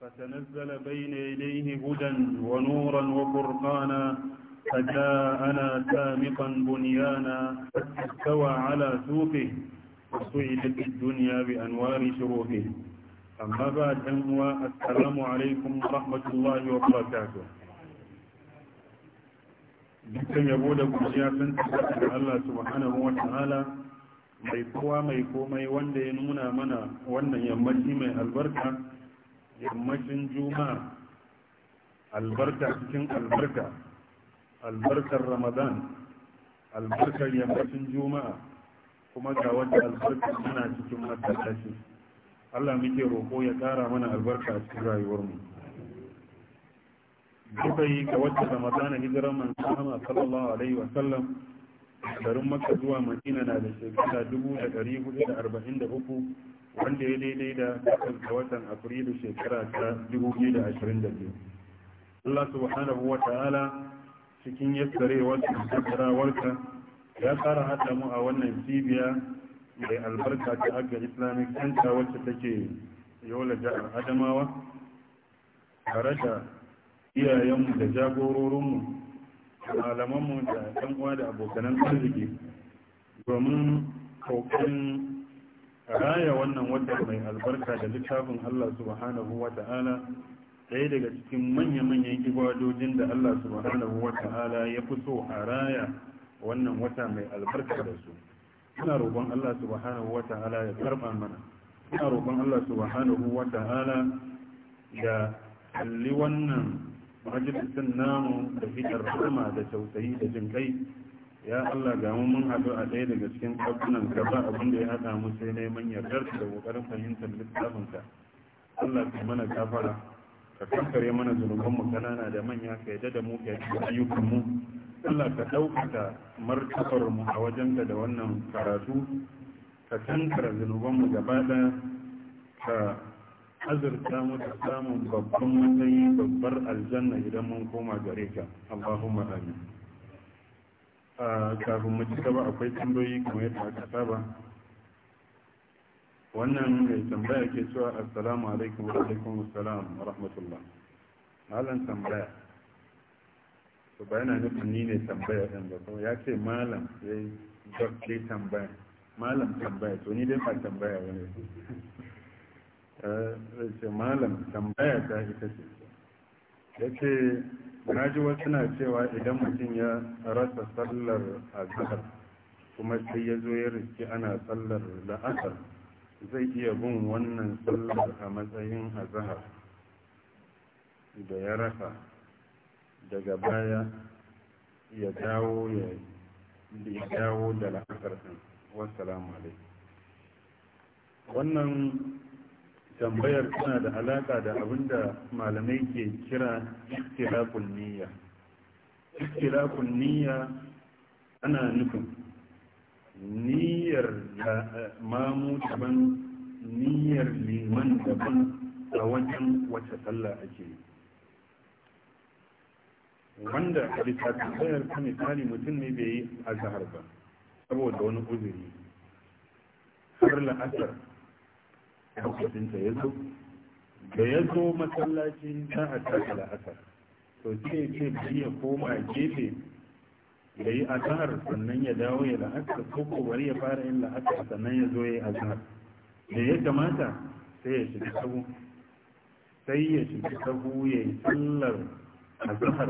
فتنزل بين يديه هدى ونورا وفرقانا فجاءنا سامقا بنيانا استوى على سوقه وسعدت الدنيا بأنوار شروقه أما بعد السلام عليكم ورحمة الله وبركاته dukkan yabo da kujiya sun tabbata Allah subhanahu wa ta'ala mai kowa mai komai wanda ya nuna mana wannan yammaci mai albarka yammacin juma'a albarka cikin albarka albarkar ramadan albarkar yammacin juma'a kuma ga wata albarka tana cikin matsalashi allah muke roƙo ya ƙara mana albarka a cikin rayuwarmu duka yi ga wata ramadana hijirar manzana sallallahu alaihi wasallam garin maka zuwa madina na da shekara uku. wanda ya daidai da takwas da watan afrilu shekara ta 2022 Allah subhanahu wa ta'ala cikin yassarewar tattarawarka ya kara hada mu a wannan cibiya mai albarka ta aga islamic center wacce take yola jihar adamawa tare da iyayenmu da jagororinmu malamanmu da yan uwa da abokanan arziki domin kokarin raya wannan wata mai albarka da littafin Allah subhanahu wa ta'ala ɗaya daga cikin manya-manyan ibadojin da Allah subhanahu wa ta'ala ya fi so a raya wannan wata mai albarka da su ina roƙon Allah subhanahu wa ta'ala ya karɓa mana ina roƙon Allah subhanahu wa ta'ala ya kalli wannan majalisin namu da fitar rahama da tausayi da jin kai ya Allah ga mu mun haɗu a ɗaya daga cikin ɗakunan ka ba abin da ya haɗa mu sai neman yardar da ƙoƙarin fahimtar littafinka Allah ka mana kafara ka kankare mana zunuban mu kanana da manya ka yadda da mu ka yi ayyukan mu Allah ka ɗaukaka martabar mu a wajen wajenka da wannan karatu ka kankara zunuban mu gaba ɗaya ka azurta mu da samun babban matsayi babbar aljanna idan mun koma gare ka Allahumma amin a kafin mu cika ba akwai tambayoyi kamar yadda aka saba wannan mai tambaya ke cewa assalamu alaikum wa alaikum assalam wa rahmatullah malam tambaya to ba yana nufin ni ne tambaya ɗin ba kuma ya ce malam ya yi dokle tambaya malam tambaya to ni dai ba tambaya ba wani eh, ce malam tambaya ta ita ce ya ce na ji wasu na cewa idan mutum ya rasa sallar azhar kuma sai ya zo ya riski ana sallar la'asar zai iya bin wannan sallar a matsayin azhar da ya rasa daga baya ya dawo ya dawo da la'asar din wasu alaikum wannan tambayar tana da alaka da abinda malamai ke kira istilaful niyya istilaful niyya ana nufin niyyar mamu daban niyyar liman daban a wajen wace sallah ake wanda a bisa tambayar ta misali mutum ne bai yi azhar ba saboda wani uzuri har la'asar lokacinsa ya zo da ya zo masallaci ta a tashi la'asar to sai ce bari ya koma gefe ya yi azhar sannan ya dawo ya la'akar ko ko bari ya fara yin la'asar sannan ya zo ya yi azhar da ya kamata sai ya shiga sabu sai ya shiga sahu ya yi sallar azhar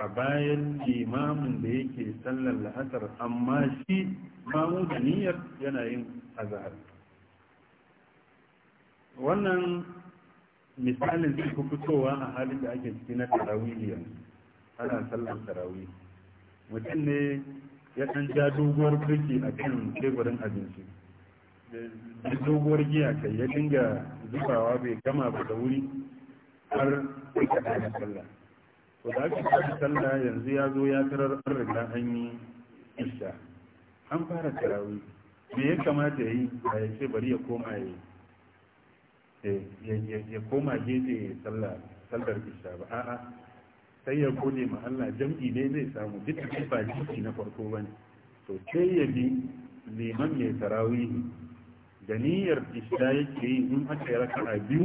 a bayan limamin da yake sallar la'asar amma shi mamu da niyyar yana yin azhar wannan misalin zai fitowa a halin da ake ciki na tarawiliya ana sallar tarawi mutum ne ya ɗan ja doguwar kirki a kan teburin abinci da doguwar giya kai ya dinga zubawa bai gama ba da wuri har ka ɗaya sallah to da aka kaɗa sallah yanzu ya zo ya tarar an riga an yi isha an fara tarawi me ya kamata ya yi a yace bari ya koma ya yi ya koma gefe ya sallar ba a'a sai ya kone ma Allah jam'i ne zai samu duk ba jiki na farko ne to sai ya bi liman mai tarawihi da niyyar isha yake yi in aka yi a biyu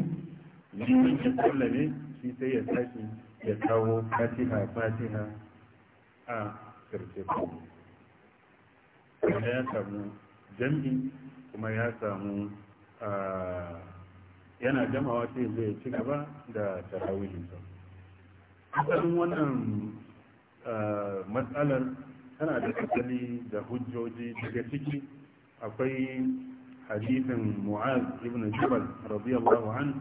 liman ya ne shi sai ya tashi ya kawo fatiha fatiha a karshe kuma ya samu jam'i kuma ya samu a ah, yana jamawa ce zai ci gaba da tarawihinsa asalin wannan ah, matsalar tana da asali da hujjoji daga ciki akwai hadisin mu'az ibn jabal radiyallahu an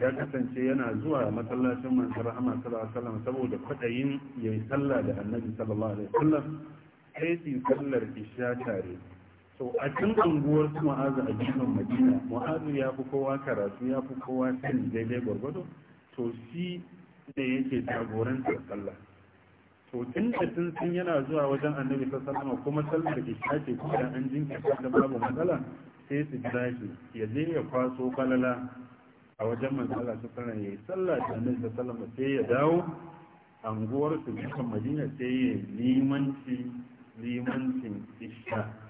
ya kasance yana zuwa masallacin manzar rahama sallallahu alaihi wasallam saboda kwadayin yayi sallah da annabi sallallahu alaihi wasallam sai sallar isha tare to a can unguwar su ma'azu a gefen madina ma'azu ya fi kowa karatu ya fi kowa sani daidai gwargwado to shi ne yake jagorantar sallah to tun da tun sun yana zuwa wajen annabi ta sallama kuma sallar da isha ce kuma an jinkirta da babu matsala sai su jira shi ya je ya kwaso falala a wajen manzala su sanar ya yi sallah da annabi ta sallama sai ya dawo anguwar su gefen madina sai ya limanci limancin isha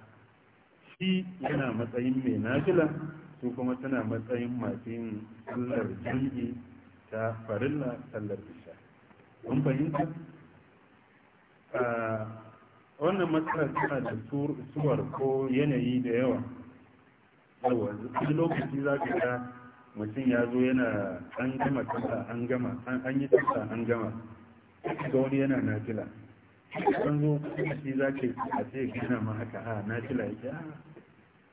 shi yana matsayin mai najila su kuma tana matsayin masu yin sallar jirgi ta farilla sallar isha kun fahimta wannan matsala tana da suwar ko yanayi da yawa yawa wani lokaci za ka ga mutum ya zo yana an gama tasa an gama an yi tasa an gama ga wani yana najila kan zo kuma shi za ka yi a ce gina ma haka a nafila yake a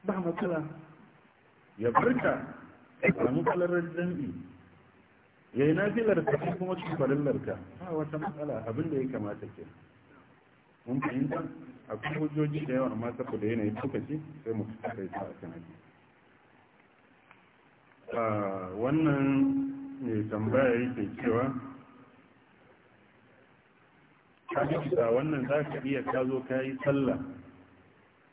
ba matsala ya farka, a samu falarar jam'i ya yi nafilar ta shi kuma cikin farillar ka ba wata matsala abinda da ya kamata ke mun fahimta akwai hujjoji da yawa amma saboda yanayin tukaci sai mu kai ta akan A wannan mai tambaya yake cewa ka wannan za ka iya ka zo ka yi sallah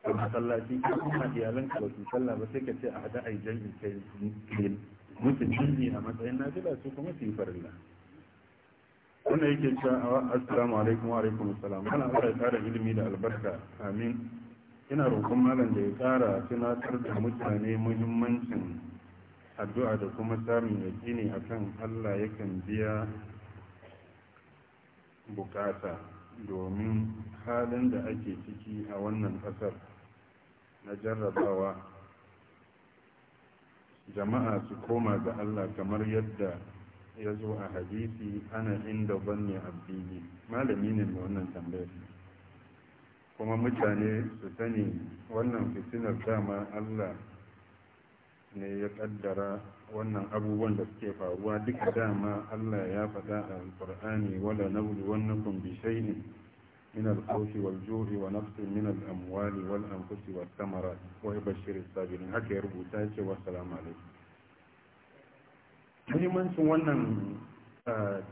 a masallaci a kuma iyalan ka basu sallah ba sai ka ce a hada a yi jami'in kai mutum jami'i a matsayin na? jira su kuma su yi farilla wannan yake cewa assalamu alaikum wa alaikum assalam ana da ƙara ilimi da albarka amin ina roƙon malam da ya ƙara tunatar da mutane muhimmancin addu'a da kuma samun yaƙini akan Allah yakan biya bukata domin halin da ake ciki a wannan ƙasar na jarrabawa jama'a su koma ga Allah kamar yadda ya zo a hadisi ana inda banne abdini malami ne mai wannan tambayar kuma mutane su sani wannan fitinar dama Allah ne ya kaddara wannan abubuwan da suke faruwa duka dama Allah ya faɗa a alƙur'ani wala wannakum bi shay'in من الخوف والجوع ونقص من الأموال والأنفس والثمرات ويبشر الصابرين هكا يربو تاجي والسلام عليكم muhimmancin wannan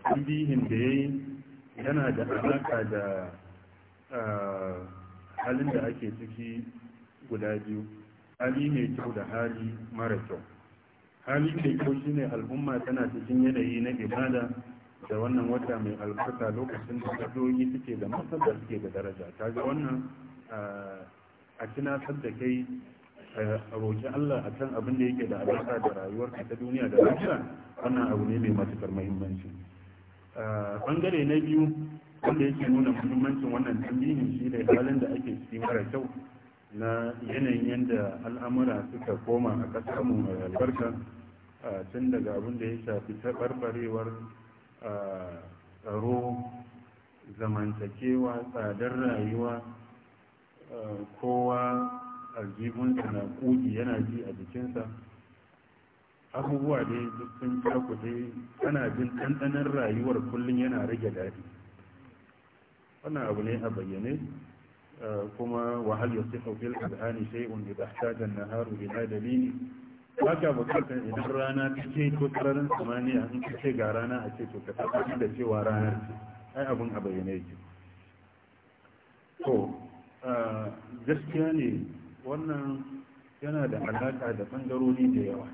tambihin da ya yi yana da alaka da halin da ake ciki guda biyu hali mai kyau da hali mara kyau hali mai kyau shine al'umma tana cikin yanayi na ibada da wannan wata mai albarka lokacin da kadoyi suke da masar suke da daraja ta ga wannan a tunatar da kai a roƙi Allah a kan abin da yake da alaka da rayuwar ta duniya da lafiya wannan abu ne mai matuƙar mahimmanci bangare na biyu wanda yake nuna muhimmancin wannan tambihin shi ne halin da ake ciki mara kyau na yanayin yadda al'amura suka koma a ƙasar mu mai albarka tun daga abin da ya shafi taɓarɓarewar tsaro zamantakewa tsadar rayuwa eh, kowa aljihunsa na yana ji a jikinsa abubuwa ne duk sun cakuɗe ana jin ɗanɗanar rayuwar kullum yana rage daɗi wannan abu ne a bayyane eh, kuma wahal ya sifa fil adhani shay'un idha ihtaja an-naharu ila dalili baka ka bukatar idan rana ta ce ko sararin samaniya in ka ce ga rana a ce to ka da cewa ranar ce ai abin a bayyana yake to gaskiya ne wannan yana da alaƙa da ɓangarori da yawa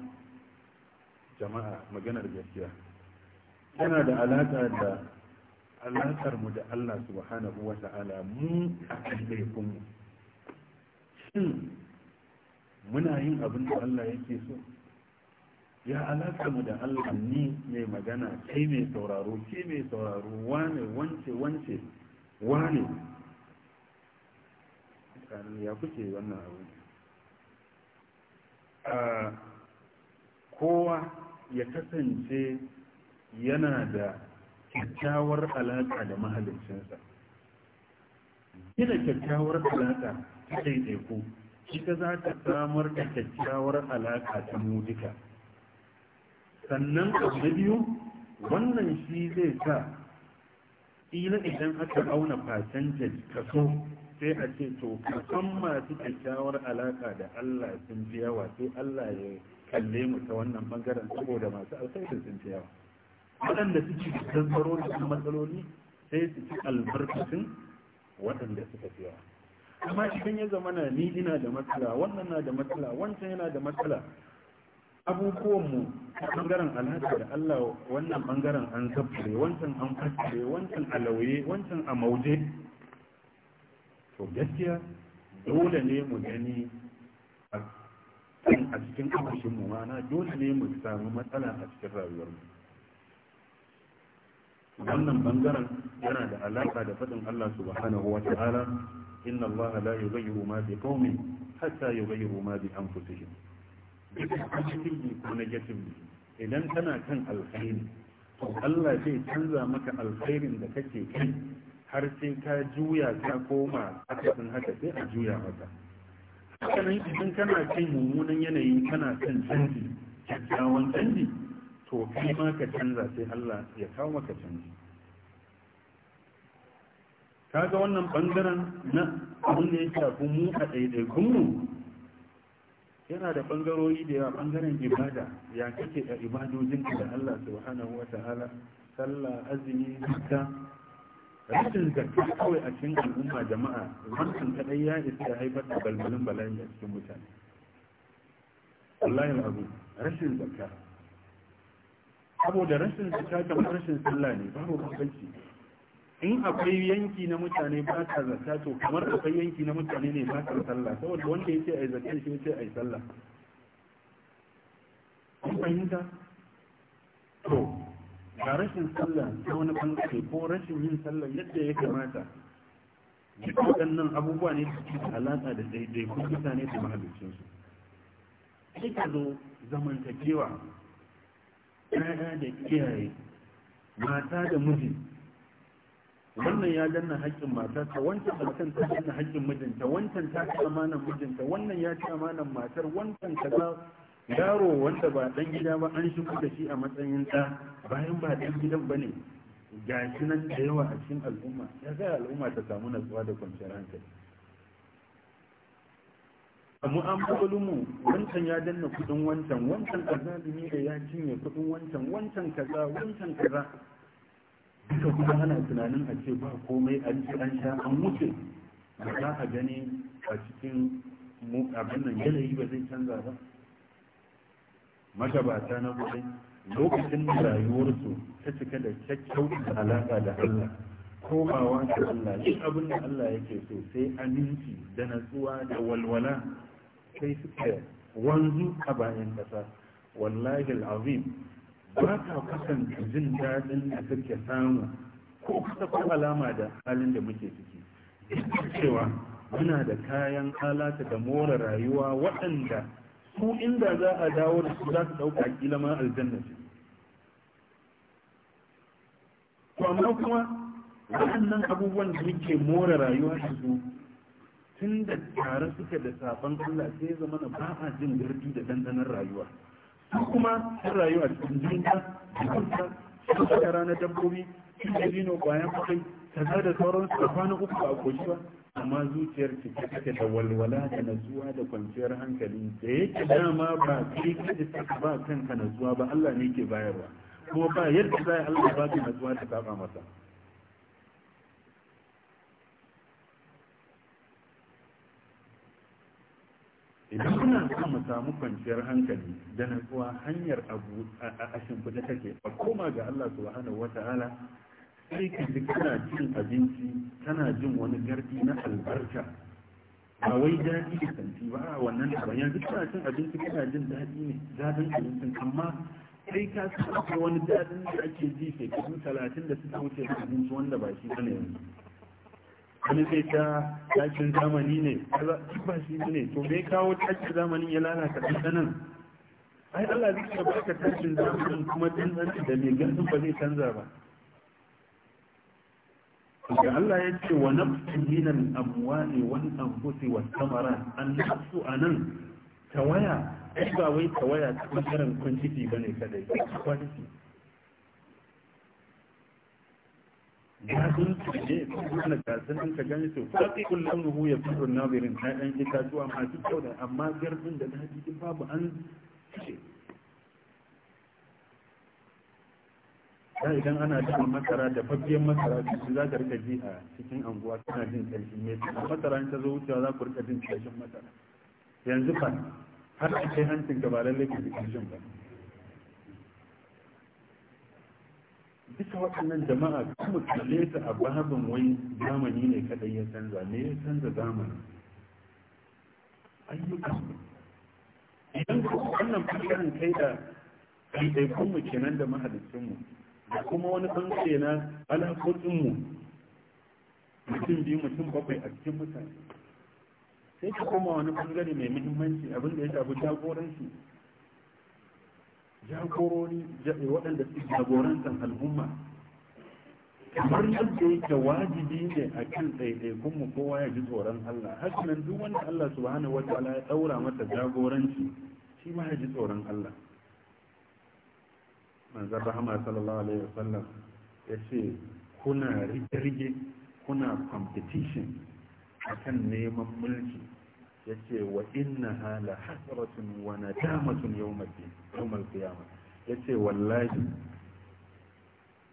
jama'a maganar gaskiya yana da alaƙa da alaƙarmu mu da Allah subhanahu wa ta'ala mu a kan laifinmu shin muna yin abin da Allah yake so ya alaka mu da Allah ni mai magana kai mai sauraro ke mai sauraro wane wance wance wane ya kuce wannan abu kowa ya kasance yana da kyakkyawar alaƙa da mahalicinsa gina kyakkyawar alaƙa ta ɗaiɗaiku kika za ta samar da kyakkyawar alaka ta mu sannan abu na biyu wannan shi zai sa ila idan aka auna fasantar kaso sai a ce to kasan masu kyakkyawar alaka da Allah sun fi yawa sai Allah ya kalle mu ta wannan bangaren saboda masu alkhairin sun fi waɗanda suke da tsaro da matsaloli sai su ci albarkacin waɗanda suka fi amma idan ya zama na ni ina da matsala wannan na da matsala wancan yana da matsala mu a bangaren alhaka da Allah wannan bangaren an zafire wancan an fasire wancan alauye wancan a mauje to gaskiya dole ne mu gani a cikin mu mana dole ne mu samu matsala a cikin rayuwarmu wannan bangaren yana da alaka da faɗin Allah subhanahu wa ta'ala inna Allah la yughayyiru ma bi qaumin hatta yughayyiru ma bi anfusihim duk idan kana kan alkhairi to Allah zai canza maka alkhairin da kake kai har sai ka juya ka koma akasin haka sai a juya maka idan kana kan mummunan yanayi kana kan canji kyakkyawan canji to kai ma ka canza sai Allah ya kawo maka canji kaga wannan bangaren na abin da ya shafi mu a ɗaiɗaikunmu yana da bangarori da yawa bangaren ibada ya kake da ibadojinka da Allah subhanahu wa ta'ala sallah azumi zakka rashin zakka kawai a cikin al'umma jama'a wannan kadai ya isa ya haifar da balbalin bala'i a cikin mutane wallahi abu rashin zakka saboda rashin zakka kamar rashin sallah ne babu bambanci in akwai yanki na mutane ba ta zata to kamar akwai yanki na mutane ne ba ta sallah saboda wanda ya ce a shi ya ce sallah kun fahimta to ga rashin sallah ta wani bangare ko rashin yin sallah yadda ya kamata duk waɗannan abubuwa ne su da alaƙa da daidai ko mutane da mahalicinsu sai ka zo zamantakewa ɗaya da kiyaye. mata da miji wannan ya danna haƙƙin matarsa wancan wancan ta danna haƙƙin mijinta wancan ta ci amanan mijinta wannan ya ci amanan matar wancan kaza yaro wanda ba dan gida ba an shigo da shi a matsayin ɗa bayan ba dan gidan ba ne ga shi nan da yawa a cikin al'umma ya zai al'umma ta samu natsuwa da kwanciyar hankali a mu wancan ya danna kudin wancan wancan kaza ne da ya cinye kudin wancan wancan kaza wancan kaza duka kuma ana tunanin a ce ba komai an ce an sha an wuce da za a gani a cikin abin nan yanayi ba zai canza ba magabata na kudai lokacin da rayuwarsu ta cika da kyakkyawar alaƙa da Allah komawa ta Allah shi abin da Allah yake so sai aminci da natsuwa da walwala sai suka wanzu a bayan ƙasa wallahi al'azim ba ka kasance jin daɗin da suke samu ko kusa ko alama da halin da muke ciki cewa muna da kayan alata da more rayuwa waɗanda su inda za a dawo da su za su ɗauka kila ma aljanna ce to amma kuma waɗannan abubuwan da muke more rayuwa da su tun da tare suke da sabon Allah sai zama na ba a jin gardi da dandanar rayuwa su kuma sun rayu a cikin da jinka sun saka ranar dabbobi sun da zino bayan kuɗi ta da sauransu su kwana uku a koshi amma zuciyar ta take da walwala da nazuwa da kwanciyar hankali da yake dama ba kai kaji saka ba kanka natsuwa ba Allah ne ke bayarwa kuma ba yadda za Allah ba ki natsuwa ta saba masa idan kuna da mu samu kwanciyar hankali da natsuwa hanyar abu a shimfiɗa take a koma ga Allah subhanahu wata'ala sai ka ji kana cin abinci kana jin wani gardi na albarka a wai daɗi da kanti ba a wannan da yanzu kana cin abinci kana jin daɗi ne daɗin abincin amma sai ka san wani daɗin da ake ji sai kudin talatin da suka wuce da abinci wanda ba shi bane yanzu wani sai ta takin zamani ne ba shi ne to bai kawo takin zamani ya lalata ɗanɗanan ai Allah zai ka baka takin zamani kuma nan da mai ganin ba zai canza ba ga Allah ya ce wa nafsin minan amwali wal anfusi wa samarat an nafsu anan tawaya ai ba wai tawaya ta bangaren ba bane kadai gadon su ne kuma gasanin ka gani su faɗi kullum ruhu ya fi runa birin ɗayan itatuwa masu kyau da amma garbin da ta jikin babu an ce da idan ana dafa masara da fafiyan masara cikin za ka rika ji a cikin anguwa tana jin ƙarshen mai tsara masara ta zo wucewa za ku rika jin ƙarshen masara yanzu fa har a kai hancin ka ba lallai ka ji ƙarshen ba duka waɗannan jama'a kuma kalle su a babin wai zamani ne kadai ya canza ne ya canza zamani ayyuka idan ku wannan bangaren kai da kun mu kenan da mahalicin mu da kuma wani bangare na alaƙoƙin mu mutum biyu mutum bakwai a cikin mutane sai ka koma wani bangare mai muhimmanci abin da ya shafi jagoranci jagorori waɗanda su jagorantar al'umma kamar yadda yake wajibi ne a kan mu kowa ya ji tsoron Allah hakanan duk wanda Allah subhanahu wa ta'ala ya ɗaura mata jagoranci shi ma ya ji tsoron Allah manzon rahama sallallahu alaihi wasallam ya ce kuna rige kuna competition akan neman mulki ya ce wa inna hala hasratun wa nadamatun yawmal qiyama ya ce wallahi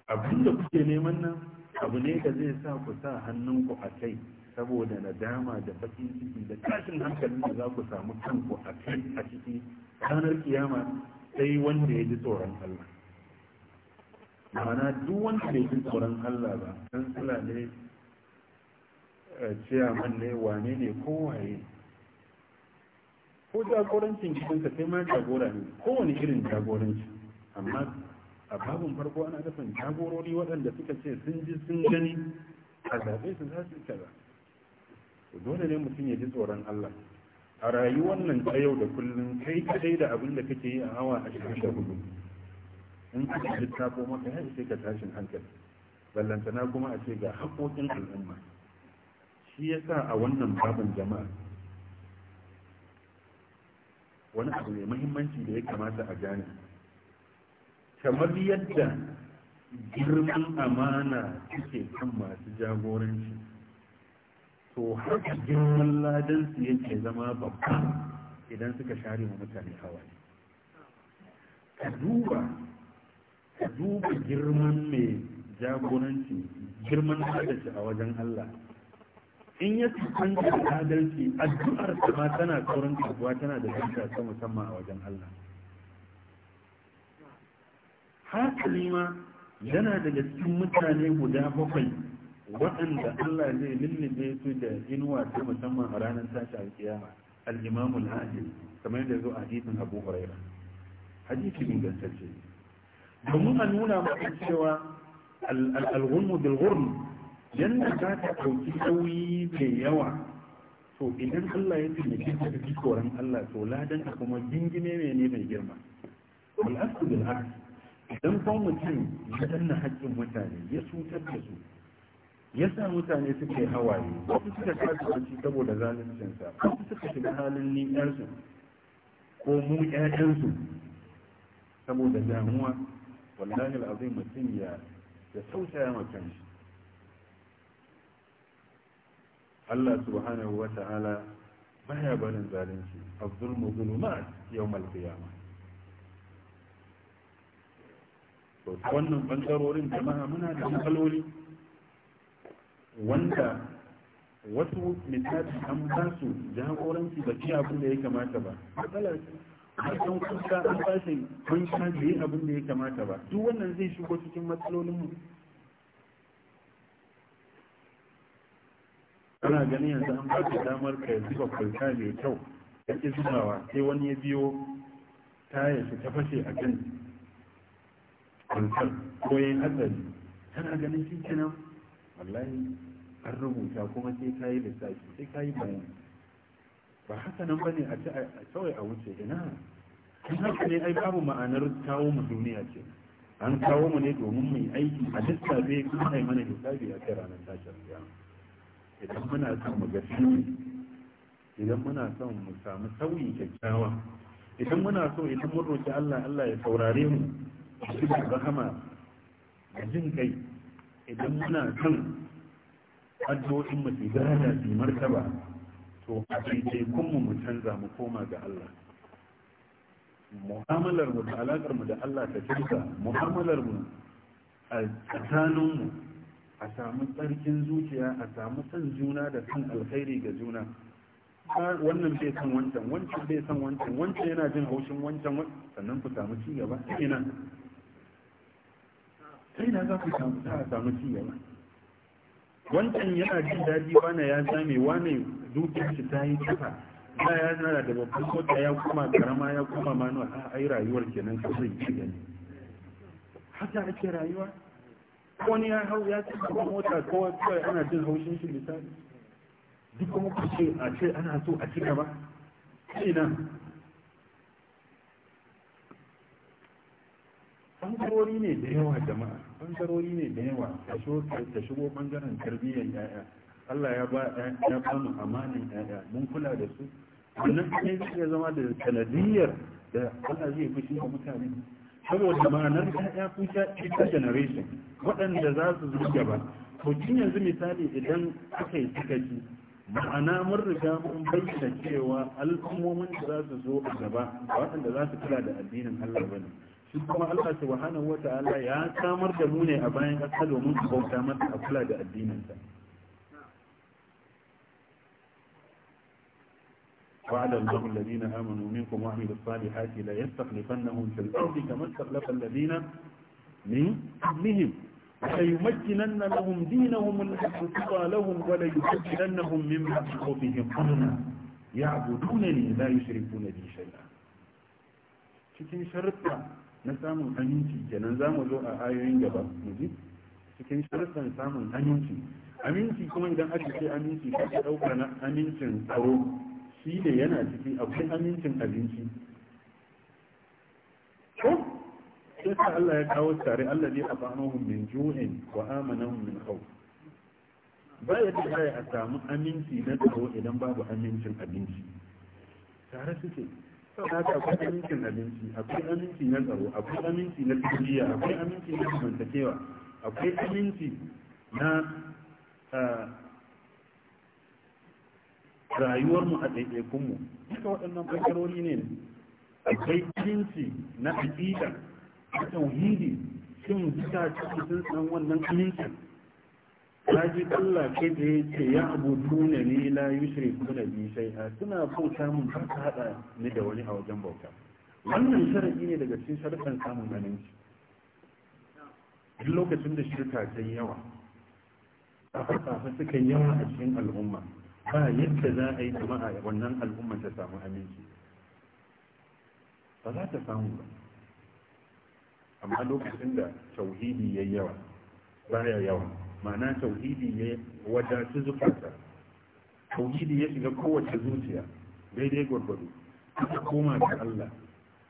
abin da kuke neman nan abu ne da zai sa ku sa hannunku a kai saboda nadama da bakin ciki da tashin hankalin da za ku samu kanku a kai a ciki ranar kiyama sai wanda ya ji tsoron Allah ma'ana duk wanda bai ji tsoron Allah ba kansila ne eh, ciyaman ne wane ne kowaye ko jagorancin gidansa sai ma jagora ne kowane irin jagoranci amma a babin farko ana nufin jagorori waɗanda suka ce sun ji sun gani a zaɓe su za su kaza dole ne mutum ya ji tsoron Allah a rayuwar nan ta yau da kullum kai kadai da abin da kake yi a hawa a shirin da hudu in aka littafo maka ya ce ka tashin hankali ballantana kuma a ce ga haƙoƙin al'umma shi yasa a wannan babin jama'a wani abu mai muhimmanci da ya kamata a gane kamar yadda girman amana suke kan masu jagoranci to har girman ladansu yake zama babba idan suka share wa mutane hawaye ka duba ka duba girman mai jagoranci girman hadashi a wajen Allah in ya tsanci da adalci addu'ar ma tana sauran karbuwa tana da daraja ta musamman a wajen Allah hakali ma yana daga cikin mutane guda bakwai waɗanda Allah zai lullube su da inuwa ta musamman a ranar tashi alkiyama al-imam al-adil kamar yadda zo a hadisin Abu Hurairah hadisi ingantacce domin a nuna maka cewa al-ghurm bil-ghurm yadda za ta ɗauki sauyi mai yawa to idan Allah ya taimake ka da tsoron Allah to ladan a kuma gingime mai ne mai girma al'asu bil haq idan kuma mutum ya danna haƙƙin mutane ya cutar da su ya sa mutane suke hawaye wasu suka kasa wanci saboda zaluncin wasu suka shiga halin niyyar ko mu 'ya'yansu saboda damuwa wallahi alazim mutum ya ya tausaya ma Allah subhanahu wa ta'ala baya barin zalunci az-zulmu zulumat yawm al-qiyamah to wannan bangarorin jama'a muna da matsaloli wanda wasu misali an ba su jagoranci ba ci abin da ya kamata ba matsala hakan kusa an ba shi kun abin da ya kamata ba duk wannan zai shigo cikin matsalolin mu ana ganin yanzu an ba ka damar ka zuba kwalta mai kyau Ya ke zubawa sai wani ya biyo taya su ta fashe a kan kwaltar ko yin hatsari kana ganin shi kenan wallahi an rubuta kuma sai ka yi lissafi sai ka yi bayani ba haka nan ba ne a kawai a wuce ina kan haka ne ai babu ma'anar kawo mu duniya ce an kawo mu ne domin mai aiki a lissafi kuma ai mana lissafi a kai ranar tashin kiyama idan muna son mu shi idan muna son mu samu sauyi kyakkyawa idan muna so idan mun roki Allah Allah ya saurare mu shi da rahama da jin kai idan muna son addu'o'in mu su gada su martaba to a cikin kun mu canza mu koma ga Allah mu'amalar mu da alakar mu da Allah ta canza mu'amalar mu a tsakanin mu a samu tsarkin zuciya a samu son juna da san alkhairi ga juna wannan bai san wancan wancan bai san wancan wancan yana jin haushin wancan sannan ku samu ci gaba ina sai na za ku samu ta samu ci gaba wancan yana jin daɗi wane ya same wane dukiyar shi ta yi kafa da ya nana da babban kota ya kuma karama ya kuma manuwa a ai rayuwar kenan kawai ci gani haka ake rayuwa wani ya hau ya ci gaba mota kawai kawai ana jin haushin shi misali duk kuma ku ce a ce ana so a cika ba. sai nan bangarori ne da yawa jama'a bangarori ne da yawa ta shigo bangaren tarbiyyar yaya Allah ya ba ya ba mu amanin yaya mun kula da su wannan ne zai zama da sanadiyyar da Allah zai fushi ga mutane saboda ma'anar ya'ya kusa ita generation waɗanda za su zo gaba to tun yanzu misali idan aka yi sakaci ma'ana mun riga mun bayyana cewa al'ummomin da za su zo a gaba waɗanda za su kula da addinin Allah bane shi kuma Allah subhanahu wata'ala ya samar da mu ne a bayan ƙasa domin su bauta masa a kula da addininsa وعلى الله الذين آمنوا منكم وعملوا الصالحات لا يستخلفنهم في الأرض كما استخلف الذين من قبلهم وليمكنن لهم دينهم الذي ارتضى لهم وليمكننهم من بعد خوفهم أمنا يعبدونني لا يشركون بي شيئا cikin sharuɗa na samun aminci kenan za mu zo a ayoyin gaba muji cikin sharuɗan samun aminci aminci kuma idan aka ce aminci ka ɗauka na amincin tsaro shi ne yana ciki akwai amincin abinci ko sai sa Allah ya kawo tare Allah ne a ba'anahum min ju'in wa amanahum min khawf ba ya tsaya a samu aminci na tsaro idan babu amincin abinci tare suke haka akwai amincin abinci akwai aminci na tsaro akwai aminci na tarbiyya akwai aminci na zamantakewa akwai aminci na ah, Rayuwar mu a ɗaiɗaikunmu duka waɗannan ɓangarori ne akwai jinsi na aƙida a tauhidi shin zuka cikin sun san wannan aminci ta ji Allah kai da ya ce ya abutu ne ne la yushri kuna bi a suna bauta mun ba ta hada da wani a wajen bauta wannan sharadi ne daga cikin sharadan samun aminci duk lokacin da shirka ta yawa a fasafa suka yawa a cikin al'umma ba yadda za a yi jama'a wannan al'ummar ta samu aminci ba za ta samu ba amma lokacin da tauhidi ya yawa ba ya yawa ma'ana tauhidi ya su zukata tauhidi ya shiga kowace zuciya daidai gwargwado aka koma ga Allah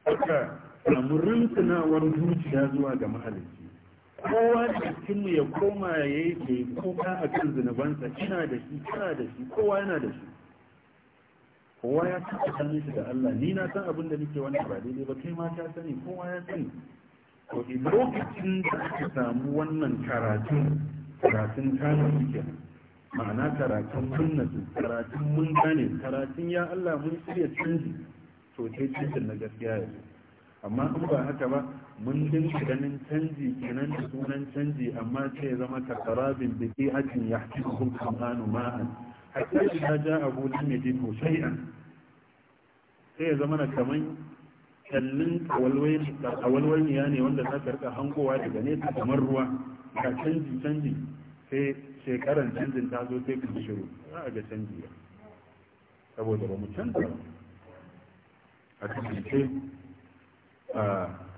aka samu rintunawar zuciya zuwa ga mahalicci kowa da cikin ya koma ya yi ke kuka a kan zunubansa ina da shi kana da shi kowa yana da shi kowa ya san tsakanin shi da Allah ni na san abin da nake wani ba daidai ba kai ma ta sani kowa ya sani to lokacin da aka samu wannan karatun karatun kano suke ma'ana karatun sunnatu karatun mun gane karatun ya Allah mun shirya canji to sai na gaskiya ya amma in ba haka ba mun dinka ganin canji kenan da sunan canji amma sai zama takarabin da ke hajjin ya haƙi kun kamanu ma'an hatta ya ja abu lam yajidu shay'an sai ya zama na kaman kallin ya ne wanda za ka rika hankowa daga nesa kamar ruwa ga canji canji sai shekaran canjin ta zo sai kuma shiru za a ga canji ba saboda ba mu canza ba a cikin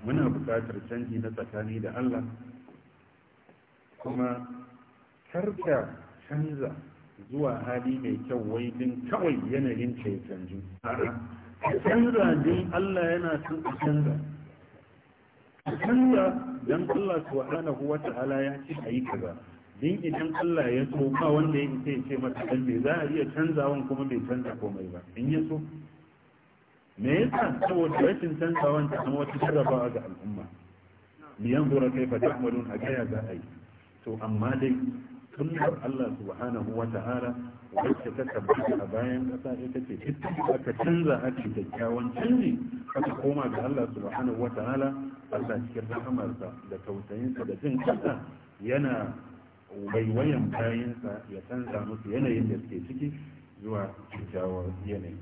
muna buƙatar canji na tsakani da Allah kuma karka canza zuwa hali mai kyau wai din kawai yanayin ce ya canju canza din Allah yana son a canza A canza don Allah su subhanahu wa ta'ala ya ce yi kaza din idan Allah ya so ba wanda ya ce mata dan za a iya canza canzawan kuma bai canza komai ba in ya so me yasa saboda rashin canzawan ta zama wata jarrabawa ga al'umma liyan zura kai fata amalun a gaya za a yi to amma dai sunnar Allah subhanahu wa ta'ala wacce ta tabbata a bayan kasa ita ce duk aka canza a ce kyakkyawan canji aka koma ga Allah subhanahu wa ta'ala Allah cikin rahamarsa da tausayinsa da jin kasa yana waiwayan bayansa ya canza musu yanayin da suke ciki zuwa kyakkyawar yanayi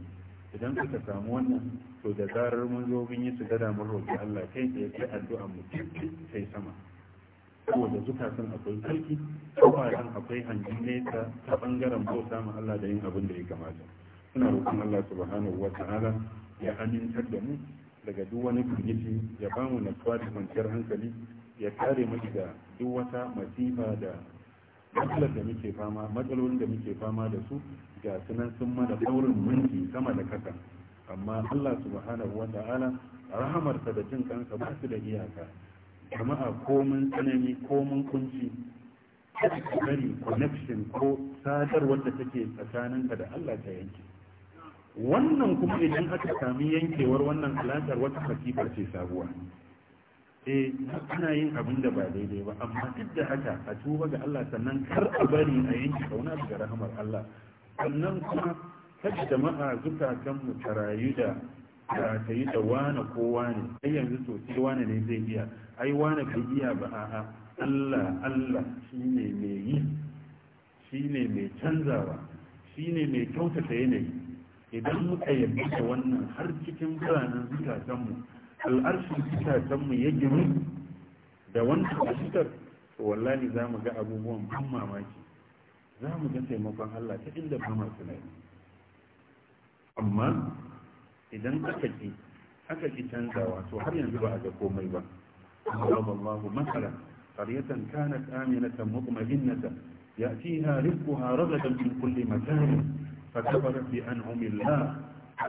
idan suka samu wannan to da zarar mun zo mun yi sujada mun roƙi Allah kai tsaye sai addu'a mu sai sama ko da saboda san akwai kalki dan akwai hanjin nesa ta bangaren bauta mu Allah da yin abin da ya kamata suna roƙon Allah subhanahu wa ta'ala ya amintar da mu daga duk wani firgici ya ba mu natsuwa da kwanciyar hankali ya kare mu daga duk wata masifa da matsalar da muke fama matsalolin da muke fama da su ga sun mana saurin mulki sama da kasa amma Allah subhanahu wata'ala rahamarsa da jin kansa ba su da iyaka jama'a komin tsanani komin kunci kari connection ko sadarwar da take ka da Allah ta yanke wannan kuma idan aka sami yankewar wannan alaƙar wata masifa ce sabuwa eh ana yin abin da ba daidai ba amma duk da haka a tuba ga Allah sannan kar a bari a yanke kauna daga rahamar Allah sannan kuma ta jama'a zukatan mu ta rayu da ta yi da wane ko wane ai yanzu sosai wane ne zai iya ai wane bai iya ba a'a Allah Allah shine mai yi shine mai canzawa shine mai kyautata yanayi idan muka yarda da wannan har cikin biranen zukatanmu al'arshin mu ya ginu da wannan to wallahi za mu ga abubuwan ban mamaki za mu ga taimakon Allah ta inda ba masu nai amma idan aka ki aka ki canzawa to har yanzu ba a ga komai ba ضرب الله مثلا قرية كانت آمنة مطمئنة يأتيها رزقها رغدا من كل مكان فكفرت بأنعم الله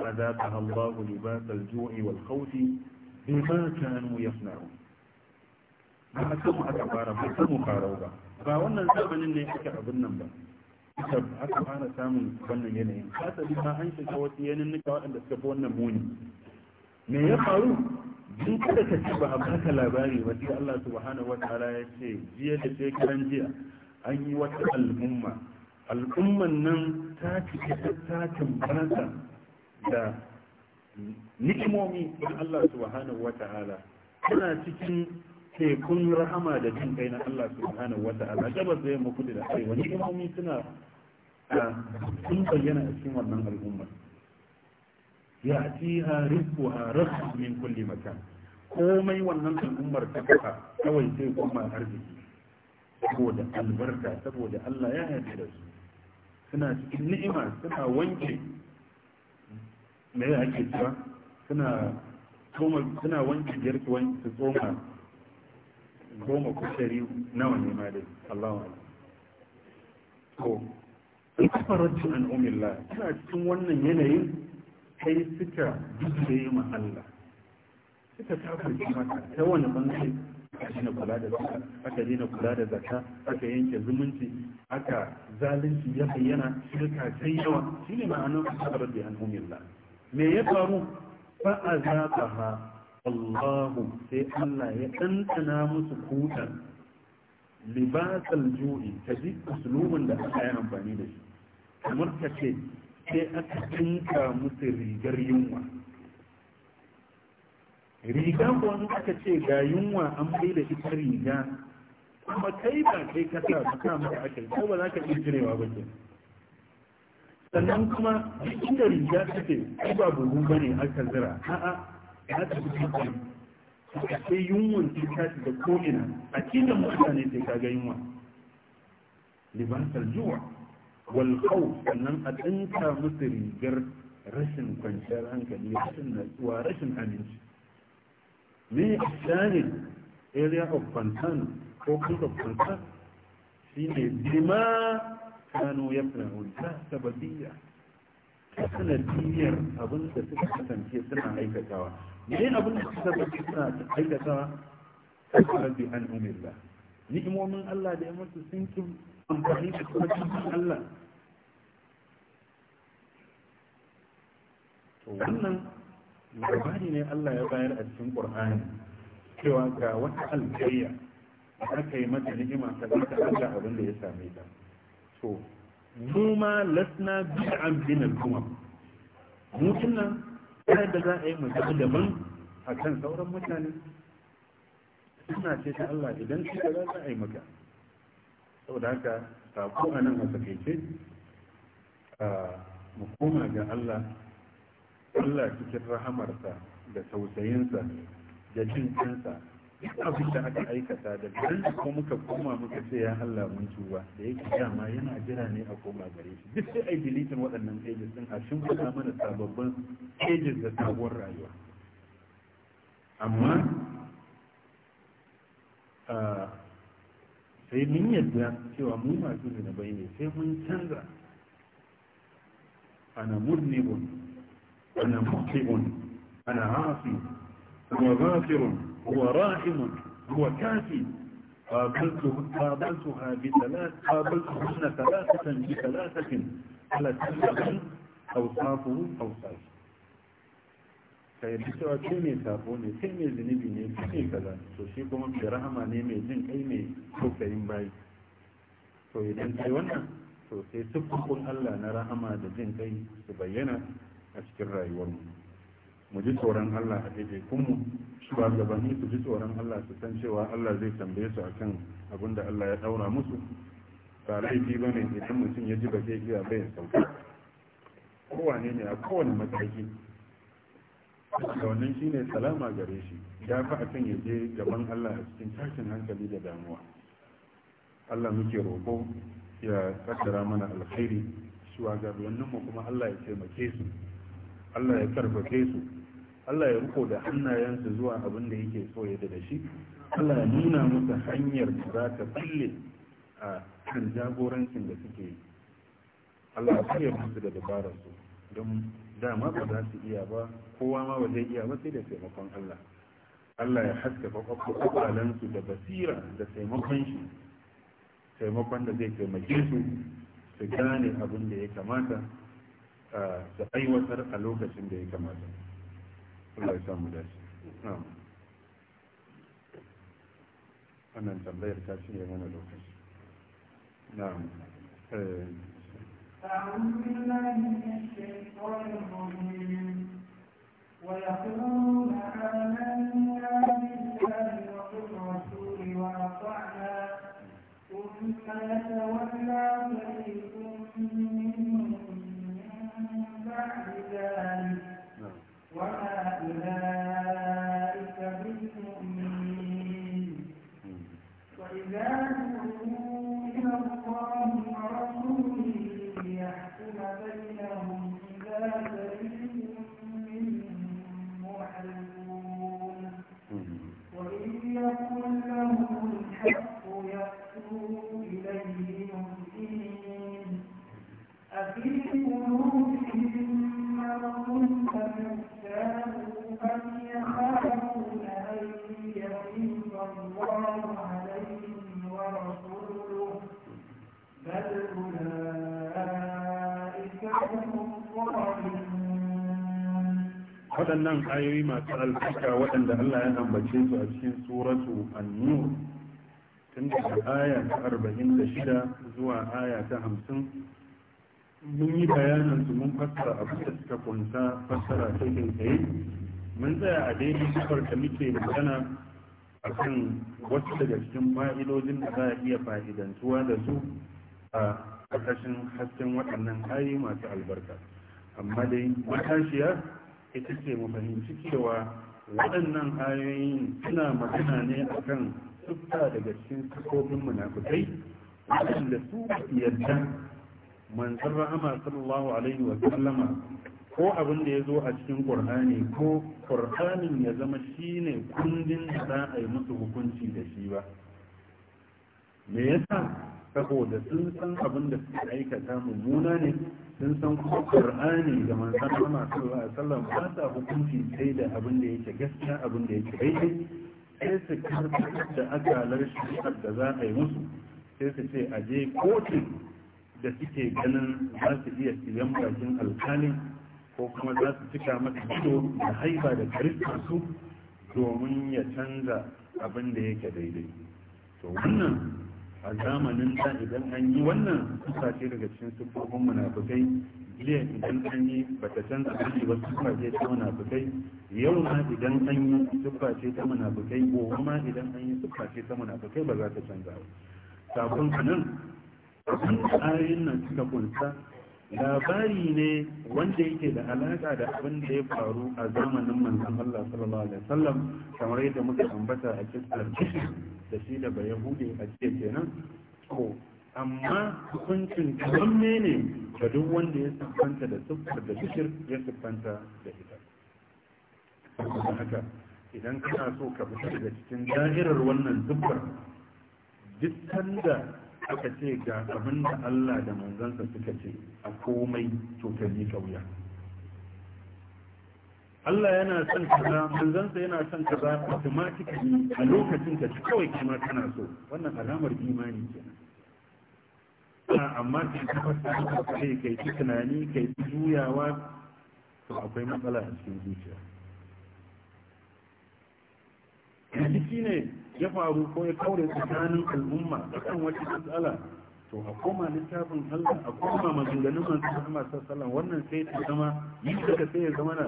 فذاقها الله لباس الجوع والخوف بما كانوا يصنعون. ما أتم أتبارا ما أتم خاروبا ba wannan zamanin ne suka abin nan ba ita aka fara samun wannan yanayin hasali ma an shiga wasu yanannuka waɗanda suka fi wannan muni me ya faru duk kada ka ci ba a baka labari ba sai Allah subhanahu wataala ya ce jiya da shekaran jiya an yi wata al'umma al'umman nan ta cike ta tambaranta da ni'imomi da Allah subhanahu wataala tana cikin kun rahama da jin kai na Allah subhanahu wa ta'ala gaba zai yamma kudu da Wani imami suna kun bayyana a cikin wannan al'umma rizqu rizquha rasul min kulli makan komai wannan al'ummar ta kafa kawai sai kuma arziki saboda albarka saboda Allah ya yarda da su suna cikin ni'ima suna wanke me ake cewa suna suna wanke girki wanke su tsoma goma ko shari nawa ne ma dai Allahu to in kafaratu an umilla kana cikin wannan yanayin kai suka dutse ma Allah suka tafarki maka ta wani bangare aka kula da zaka aka kula da zaka aka yanke zumunci aka zalunci ya bayyana shirka ta yawa shine ma'anar kafaratu an umilla me ya faru fa azaqaha Allahu sai Allah ya ɗantana musu kuɗan libasan ju'i ta ji da aka yi amfani da shi kamar ka ce sai aka tinka musu rigar yunwa riga kuwa aka ce ga yunwa an bai da ita riga kuma kai ba kai ka sa ba ka maka aka yi ba za ka iya jirewa ba ke sannan kuma inda riga take ai ba buhu bane aka zira a'a ya tafi cikin suka sai yunwan ta tashi da ko'ina a cikin mutane sai ka ga yunwa libasar zuwa wal sannan a tsinta musu rigar rashin kwanciyar hankali rashin natsuwa rashin aminci me shanin area of concern ko kind of shine bima kano ya fulahun ta sababiyya ta sanadiyar abin da suka kasance suna aikatawa Idan abin da suka zaɓi suna aikata kasarar bi an umirla ni'imomin Allah da ya mutu sun ki amfani da kuma Allah to wannan labari ne Allah ya bayar a cikin Qur'ani cewa ga wata alƙayya aka yi mata ni'ima ta ta Allah abin da ya same ta to mu ma lasna bi'an bin al-umam mutunan nan bayan da za a yi mutum daban a kan sauran mutane suna ce ta Allah idan shi da za a yi maka sau da haka sako a nan a sakaice mu koma ga Allah Allah cikin rahamarsa da tausayinsa da cin kansa duk abin da aka aikata da duk ko muka koma muka ce ya Allah mun tuba da yake dama yana jira ne a koma gare shi duk sai ai deleting waɗannan pages din a shin kuma mana sababbin pages da sabuwar rayuwa amma sai mun yadda cewa mu masu zinabai ne sai mun canza ana murnibun ana muqtibun ana hafi wa ghafirun هو راحم هو كافي قابلتها بثلاث قابلتهن ثلاثة بثلاثة على كل أوصافه أوصاف ka yi cewa ce mai sabo ne ce mai zunubi ne ce mai kaza to shi kuma mai rahama ne mai jin kai mai tausayin bayi to idan kai wannan to sai sukukun Allah na rahama da jin kai su bayyana a cikin rayuwarmu mu ji tsoron Allah a kunmu shugabanni su ji tsoron Allah su san cewa Allah zai tambaye su akan abin da Allah ya daura musu ba laifi ba ne idan mutum ya ji ba zai iya bayan sauka kowane ne a kowane mataki da wannan shi ne salama gare shi ya fi akan ya je gaban Allah a cikin tashin hankali da damuwa Allah muke roƙo ya kaddara mana alkhairi mu kuma Allah ya taimake su Allah ya karfafe su Allah ya riko da hannayensu zuwa abin da yake so ya da shi Allah ya nuna musu hanyar da za ta tsalle a kan jagorancin da suke yi Allah ya kare musu da su don dama ba za su iya ba kowa ma ba zai iya ba sai da taimakon Allah Allah ya haska kwakwalansu da basira da taimakon shi taimakon da zai taimake su su gane abin da ya kamata su aiwatar a lokacin da ya kamata Allah ya samu dace na'am wannan tambayar ta cinye mana lokaci na'am أعوذ بالله من الشيطان الرجيم ويقولون آمنا بالله وبالرسول وأطعنا ثم يتولى فريق منهم waɗannan ayoyi masu alfika waɗanda Allah ya ambace su a cikin suratu annur tun daga aya ta shida zuwa aya ta hamsin mun yi bayanan su mun fassara abin da suka kunsa fassara ta kai mun tsaya a daidai kafar da muke magana akan wasu daga cikin fa'idojin da za a iya fa'idantuwa da su a ƙarƙashin hasken waɗannan ayoyi masu albarka amma dai matashiya ita ce mu fahimci cewa waɗannan ayoyin suna magana ne akan sufta daga cikin sufofin munafukai waɗanda su yadda manzon rahama sallallahu alaihi wa sallama ko abin da ya zo a cikin ƙur'ani ko ƙur'anin ya zama shine kundin da za a yi musu hukunci da shi ba me yasa saboda sun san abin da suka aikata mummuna ne sun san kuma qur'ani da manzon Allah sallallahu alaihi wasallam ba sa hukunci sai da abin da yake gaskiya abin da yake daidai sai su karɓar da akalar shari'ar da za a yi musu sai su ce a je kotun da suke ganin za su iya siyan bakin alkalin ko kuma za su cika mata ido da haifa da karistar su domin ya canza abin da yake daidai to wannan a zamanin da idan an yi wannan suka ce daga cikin sufofin munafukai jiya idan an yi ba ta canza kashi ba suka ce ta munafukai yau ma idan an yi suka ce ta munafukai gobe ma idan an yi suka ce ta munafukai ba za ta canza ba sabon nan abin ayoyin nan suka kunsa labari ne wanda yake da alaka da abin da ya faru a zamanin manzon Allah sallallahu alaihi wasallam kamar yadda muka ambata a cikin da shi da bayahudi a cikin kenan Ko. amma hukuncin kamanne ne ga duk wanda ya siffanta da siffar da bishir ya siffanta da ita haka idan kana so ka fita daga cikin da'irar wannan siffar duk sanda aka ce ga abin da Allah da manzansa suka ce a komai to ka ji kauya Allah yana son kaza manzansa yana son kaza automatically a lokacin ka kawai kima kana so wannan alamar imani ana amma ke tabbata kai kai tunani kai juyawa to akwai matsala a cikin zuciya ne ya faru ko ya kaure tsakanin al'umma a akan wata matsala to a koma littafin Allah a koma maganganun manzo Muhammad sallallahu wannan sai ta zama yi daga sai ya zama na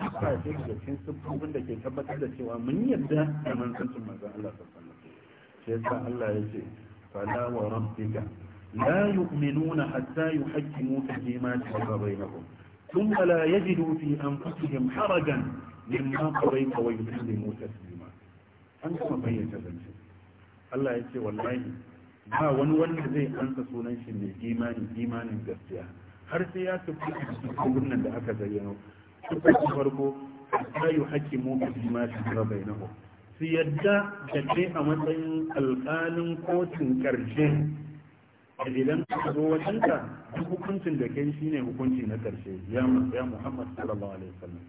sifa ce daga cikin siffofin da ke tabbatar da cewa mun yarda da manzancin manzo Allah sallallahu alaihi wasallam Allah ya ce fala wa rabbika la yu'minuna hatta yuhaqqimuka fima shajara bainahum ثم لا يجدوا في أنفسهم حرجا مما قضيت ويسلموا تسليما an gama bayyana zance Allah ya ce wallahi ba wani wanda zai ansa sunan shi ne imani imanin gaskiya har sai ya tafi cikin nan da aka zayyano cikin farko ta yi haƙƙi mu da imani da bainahu su yadda da a matsayin alƙalin kotun ƙarshe idan ka zo wajenka ka hukuncin da kai shine hukunci na ƙarshe ya Muhammad sallallahu alaihi wasallam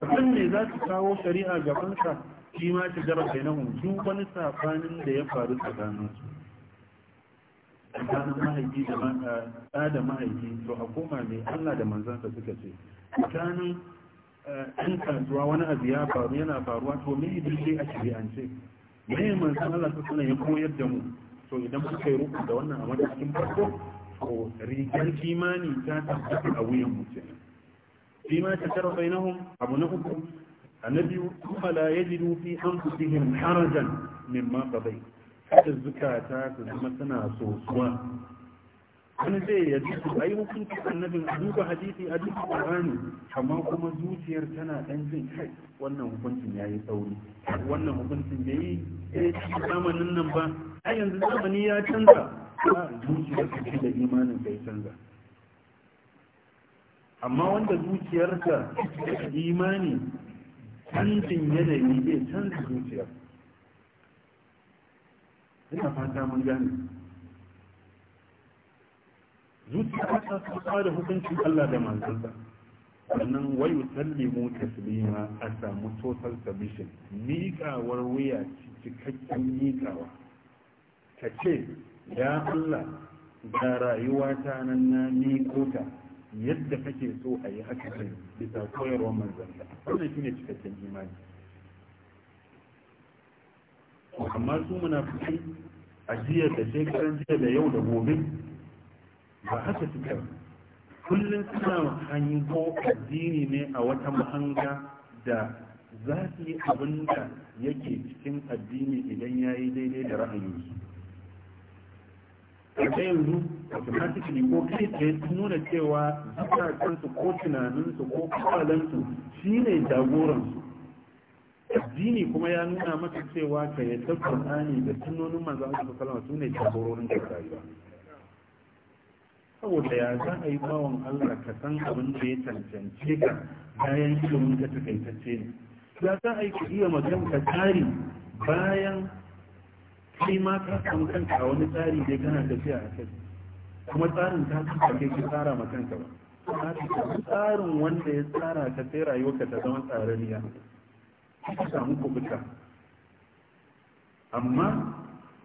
kan ne za ka kawo shari'a gabanka shi ma shi jara bainahum duk wani safanin da ya faru tsakanin su ganin mahaifi da eh, ɗa da mahaifi to a koma ne Allah da manzansa suka ce ganin eh, ɗan kasuwa wani abu ya faru yana faruwa to me idan sai a shari'ance me manzan Allah su suna ya koyar da mu to idan muka yi rukun da wannan a matakin farko to rigar kimani ta tabbata a wuyan mutum shi ma ta abu na uku annabi kuma la yajidu fi anfusihim harajan mimma qadai kada zukata su zama suna sosuwa wani zai yaji su ai hukunci annabin a duba hadisi a duba qur'ani amma kuma zuciyar tana dan jin kai wannan hukuncin yayi tsauri wannan hukuncin bai yi zamanin nan ba ai yanzu zamani ya canza zuciyar ta da imanin bai canza amma wanda zuciyarsa imani canjin yanayi zai canza zuciya ina fata mun gane zuciya ta saba da hukuncin Allah da manzansa Wannan wai mu taslima a samu total submission miƙawar wuya cikakken miƙawa ta ce ya Allah ga rayuwa ta nan na miƙota yadda kake so a yi haka ne bisa koyarwar manzanta wannan shi ne cikakken imani amma su munafikai a jiya da shekaran jiya da yau da gobe ba haka suka kullum suna hango addini ne a wata mahanga da za su yi abin da yake cikin addini idan ya yi daidai da ra'ayinsu da yanzu automatically ko kai tsaye sun nuna cewa kansu ko tunaninsu ko kwalansu shi ne jagoransu addini kuma ya nuna mata cewa ka yadda kur'ani da sunnonin manzo Allah sallallahu alaihi wasallam ne jagororin ka rayuwa saboda ya za a yi bawan Allah ka san abin da ya cancance ka bayan ilimin ka takaitacce ne ya za a yi ka iya magan ka tsari bayan kai ma ka samu kanka a wani tsari dai kana tafiya a kai kuma tsarin ta su kake ki tsara ma kanka ba tsarin wanda ya tsara ka sai rayuwarka ta zama tsarariya ka samu kubuta amma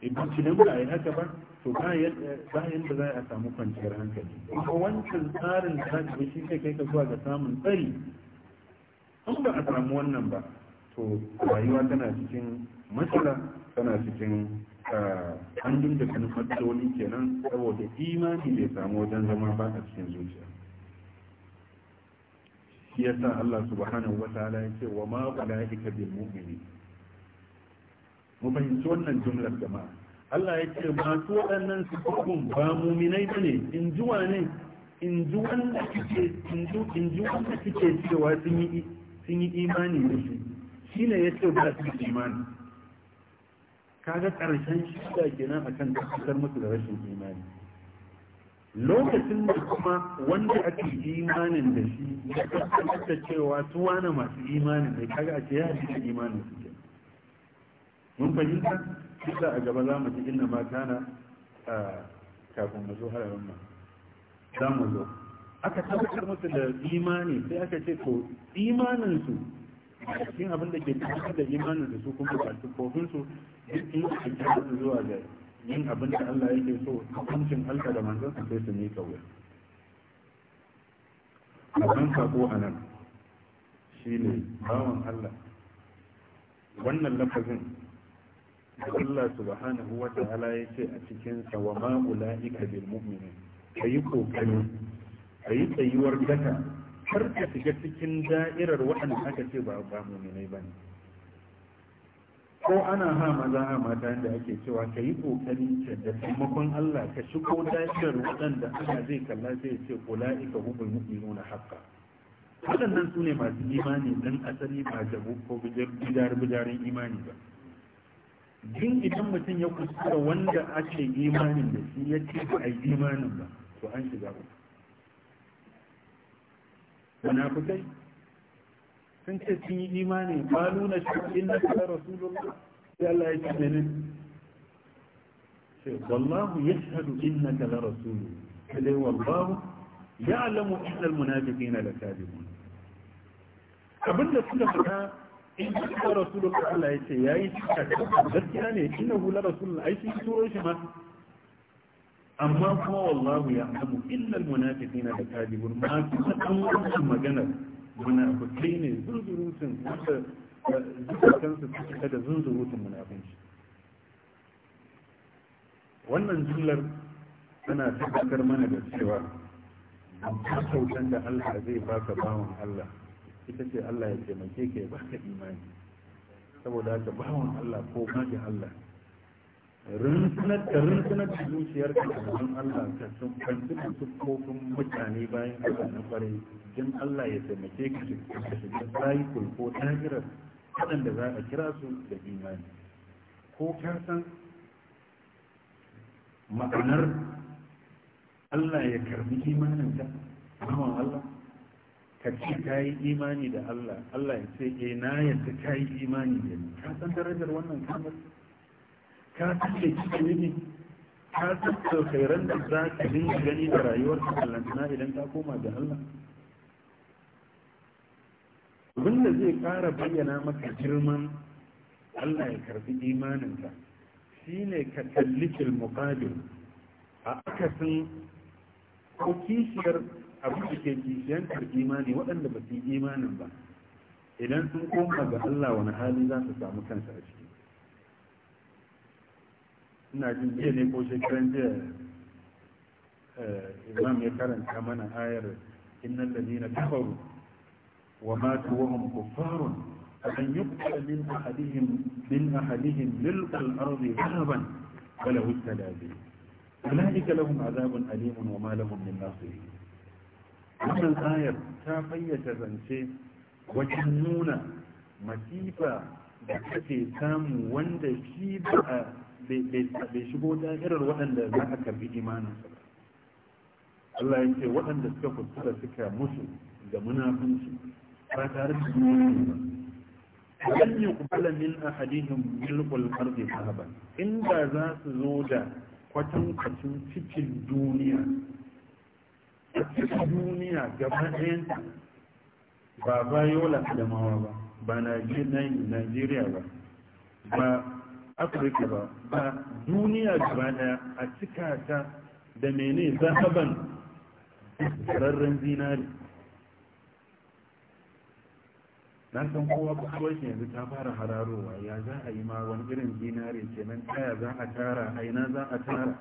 idan cinin ba a yi haka ba to bayan da za a samu kwanciyar hankali kuma wancan tsarin da za ka shi kai ka zuwa ga samun tsari in ba a samu wannan ba to rayuwa tana cikin matsala Kana cikin eh, an da ganin matsaloli kenan saboda imani bai samu wajen zama ba a cikin zuciya shi sa Allah subhanahu wa ta'ala ya ce wa ma ulaika bil mu'minin mu fahimci wannan jumlar jama'a Allah ya ce masu waɗannan sifofin ba muminai bane in ji in ji wanda kike in ji wanda kike cewa sun yi imani da shi shine yace ba su imani kaga ƙarshen shiga-gina kenan akan tabbatar musu da rashin imani lokacin da kuma wanda ake imanin da shi ya kasance da cewa tuwa na masu imanin da kaga a ce ya ji imanin su ke mun fahimta kisa a gaba za mu ji inna ma kana kafin mu zo hararin ma za mu zo aka tabbatar musu da imani sai aka ce ko imanin su cikin abin da ke cikin da imanin da su kuma ba su kofin su duk in zuwa ga yin abin da Allah yake so hukuncin halka da manzon su sai su ne kawai abin sako a nan shi ne bawan Allah wannan lafazin Allah subhanahu wa ta'ala ya ce a cikin sa wa ma ulaika bil mu'minin kayi kokari kayi tsayuwar daka kar ka shiga cikin da'irar waɗanda aka ce ba ba ne ba ne ko ana ha maza ha mata da ake cewa ka yi kokari da taimakon Allah ka shigo da'irar waɗanda ana zai kalla zai ce hukun hubul nuna haqqa waɗannan su ne masu imani dan asali ba jabu ko bijar-bijarin imani ba din idan mutum ya kuskura wanda ake imanin da shi ya ce ba a yi imanin ba to an shiga uku munafikai sun ce sun yi imani ba nuna shi inna ka rasulullah sai Allah ya ce ne sai wallahu yashhadu innaka la rasulu sai wallahu na da munafiqina lakadibun abinda suka fita in ka rasulun Allah ya ce yayi gaskiya ne innahu la rasulun aiki shi turo shi ma amma kuma wallahu ya amu illal munafiqina da kadibun ma kuma an wannan magana munafikai ne zunzurutun wanda zukatan su suka da zunzurutun munafinci wannan jillar tana tabbatar mana da cewa kyautan da Allah zai baka bawan Allah ita ce Allah ya taimake ka ya baka imani saboda haka bawan Allah ko maji Allah rinsunar da rinsunar da zuciyar ka a Allah ka sumfanci da mutane bayan ka na kwarai don Allah ya taimake ka shiga cycle ko tahirar waɗanda za a kira su da imani ko ka san ma'anar Allah ya karbi imanin ka bawan Allah ka ce ka yi imani da Allah Allah ya ce eh na yadda ka yi imani da ni ka san darajar wannan kamar ka san cikin kike ka san da khairan da za ka dinga gani da rayuwar ka idan ka koma da Allah abin da zai ƙara bayyana maka girman Allah ya karbi imaninka shine ka kalli filmuqabil a akasin ko kishiyar abu da ke kishiyantar imani waɗanda ba su yi imanin ba idan sun koma ga Allah wani hali za su samu kansa a ciki ina jin jiya ne ko shekaran jiya imam ya karanta mana ayar innal ladina kafaru wa matu wa hum kuffarun an yuqbal min ahadihim min ahadihim milkul ardi dhahaban falahu tadabi ulaika lahum azabun alimun wa ma lahum min nasirin wannan ayar ta fayyace zance wajen nuna masifa da kake samu wanda shi ba a bai shigo irin waɗanda za a karbi imaninsu Allah ya ce waɗanda suka fuskura suka musu da munafunci ba tare da imani ba lam yuqbala min ahadihim milkul ardi ba. inda za su zo da kwatankwacin cikin duniya cikin duniya gaba ɗayan ba bayola adamawa ba ba najeriya ba ba afirka ba ba duniya gaba daya a cika ta da mene zahaban rarren zinari na san kowa kwakwai shi yanzu ta fara hararowa ya za a yi ma wani irin zinari nan kaya za a tara aina za a tara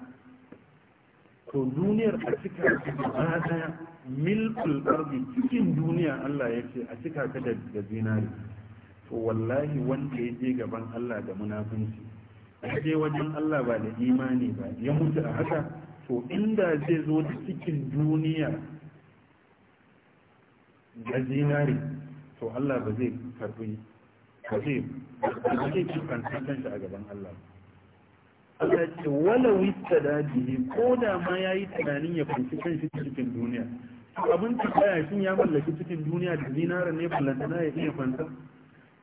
to duniyar a cika ta gaba daya milkul arzi cikin duniya allah ya ce a cika ta da zinari to wallahi wanda ya je gaban Allah da munafunci ya je wajen Allah ba da imani ba ya mutu a haka to inda zai zo da cikin duniya da zinari to Allah ba zai karbi ba zai ba zai kanta kanshi a gaban Allah Allah ce wala wista da ko da ma ya yi tunanin ya fanci kanshi cikin duniya abin ta baya shin ya mallaki cikin duniya da zinara ne ballantana ya iya kwanta.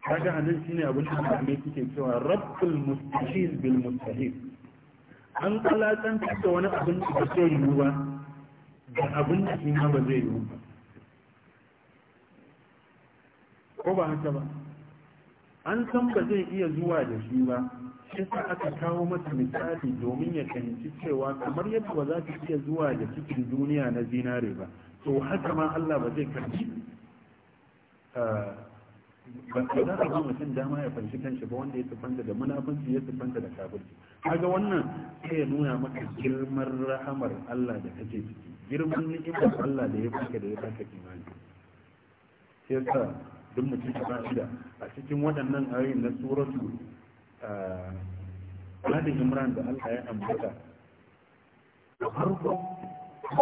kaga anan shine abin da malamai suke cewa rabbul mustahil bil mustahil an kalakanta da wani abin da ba zai yiwu ba da abin da shi ma ba zai yiwu ba ko ba haka ba an san ba zai iya zuwa da shi ba shi sa aka kawo mata misali domin ya fahimci cewa kamar yadda ba za ta iya zuwa da cikin duniya na zinare ba to haka ma Allah ba zai karbi eh, ba za a ba mutum dama ya fanci kanshi ba wanda ya siffanta da munafunci ya siffanta da kafirci kaga wannan sai ya nuna maka girman rahamar Allah da kake ciki girman ni'imar Allah da ya baka da ya baka imani sai yasa duk mutum ba shi da a cikin waɗannan ayoyin na suratu ah, Ladin Imran da Allah ya ambata a farko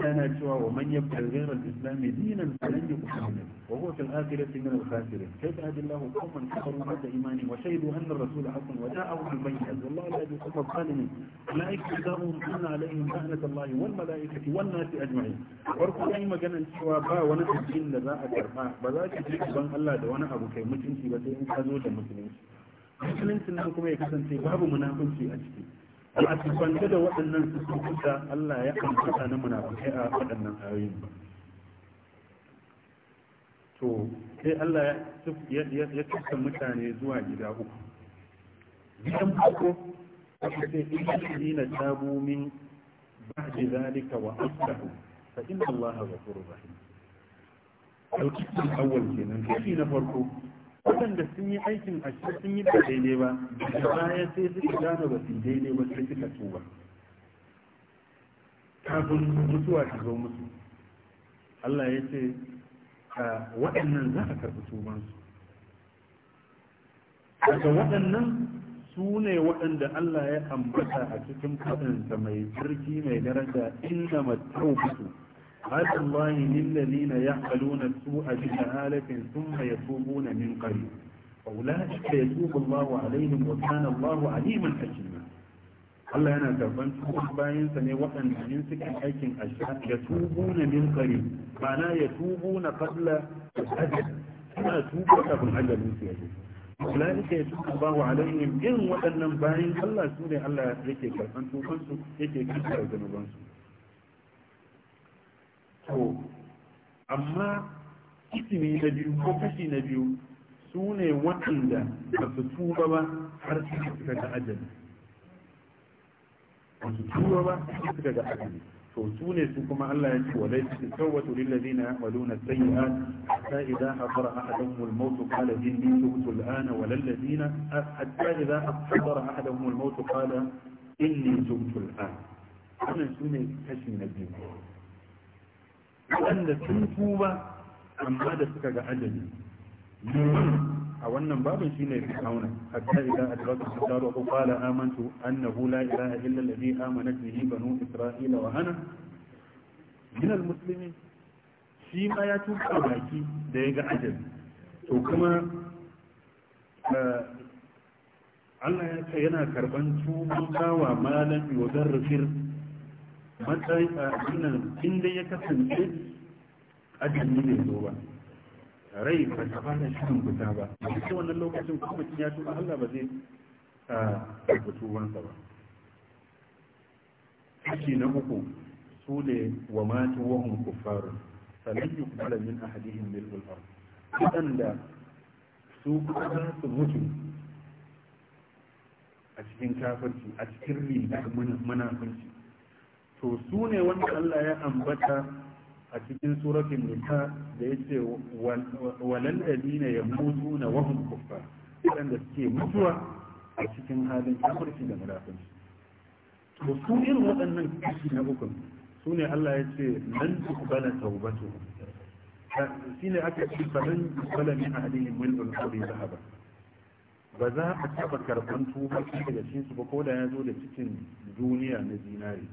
yana cewa wa manyan yabda islami al-islam dinan falan yuqbal wa huwa fil akhirati min al-khasirin kayfa hadi Allahu qawman kafaru ba'da imani wa shahidu anna ar-rasul haqqun wa ja'ahum al-bayyinat wallahu la yahdi al-zalimin ulaika jazaohum anna alayhim la'nat Allah wani malaikati wan nasi farko an yi maganar cewa ba wani tsakin da za a karba ba za ki ji ban Allah da wani abu kai mutunci ba sai in ka zo da musulunci musulunci nan kuma ya kasance babu munafunci a ciki ba da waɗannan sifofin da Allah ya ambata na munafukai a waɗannan ayoyin ba to sai Allah ya tuka mutane zuwa gida uku gidan farko aka na inna tabu min ba'di zalika wa aslahu fa inna Allah ghafurur rahim al-qism al kenan kashi na farko waɗanda sun yi aikin cikin sun yi da daidai ba da baya sai suka gano ba su daidai ba sai suka tuba kafin mutuwa ta zo musu Allah ya ce waɗannan za a karɓi tubansu daga waɗannan su ne waɗanda Allah ya ambata a cikin faɗinsa mai jirgi mai daraja inda matau على الله للذين يعملون السوء بجهالة ثم يتوبون من قريب أولئك يتوب الله عليهم وكان الله عليما حكيما Allah yana karban cikin bayansa ne waɗanda in suka aikin asha ya tubu min kare ma'ana ya tubu na fadla da ajal suna tubu kafin ajalin su yake ulaika ya tubu ba wa alaihim irin waɗannan bayan Allah su ne Allah yake karban yake da zunubansu to amma kisimi na biyu ko kashi na biyu su ne waɗanda ba su tuba ba har suka suka ga ajali ba su tuba ba har suka ga ajali to su ne su kuma Allah ya ce wa laysa tawbatu lil ladina ya'maluna sayyi'at hatta idha hadara ahaduhum al maut qala inni tubtu al ana wa lil ladina hatta idha hadara ahaduhum al maut qala inni tubtu al ana wannan su ne kashi na biyu waɗanda sun tuba amma da suka ga ajali a wannan babin shine fir'auna hatta idan adraka sadaru ko qala amantu annahu la ilaha illa alladhi amanat bihi banu isra'ila wa ana min almuslimin shi ma ya tuka baki da ya ga ajali to kuma eh, Allah ya ce yana karban tuban bawa malam rufin. matsayin nan in dai ya kasance ajali bai zo ba rai ba ta fara shirin fita ba a cikin wannan lokacin kuma ya tuba Allah ba zai rubutu wansa ba kashi na uku su ne wa matu wahun kuffarun sannan yi kuma min ahadihin milkul har waɗanda su kuma za su mutu a cikin kafarci. a cikin rigar munafunci to su ne wanda Allah ya ambata a cikin suratun nisa da ya ce walalladi na ya mutu na wahun kufa waɗanda suke mutuwa a cikin halin kafirci da murafin to su irin waɗannan kashi na hukun su ne Allah ya ce nan tukbala taubatu shi ne aka ce sanan tukbala halin ahlihim mil'ul da haɓa ba za a taɓa karɓan tuba daga cikin su ba ko da ya zo da cikin duniya na zinari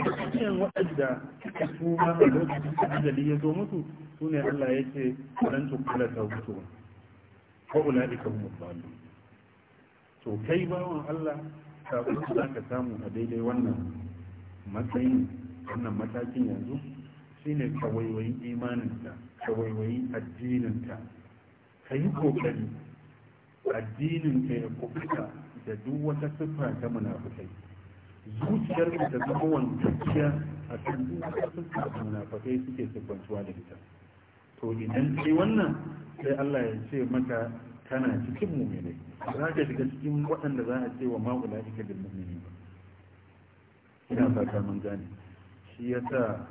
cikin waɗanda suka tuma a lokacin da ajali ya zo musu su ne Allah ya ce nan tukula ta mutu ko ula'ika mu zalu to kai bawan Allah sabon za ka samu a daidai wannan matsayin wannan matakin yanzu shine ka waiwayi imaninta ka waiwayi addininta ka yi kokari addininka ya kuka da duk wata siffa ta munafukai zuciyar da ta zama wantacciya a kan dukkan munafakai suke siffantuwa da ita to idan sai wannan sai Allah ya ce maka kana cikin mu'minai za ka shiga cikin waɗanda za a ce wa ma'ula ika da mu'mini ba ina fata mun gane shi yasa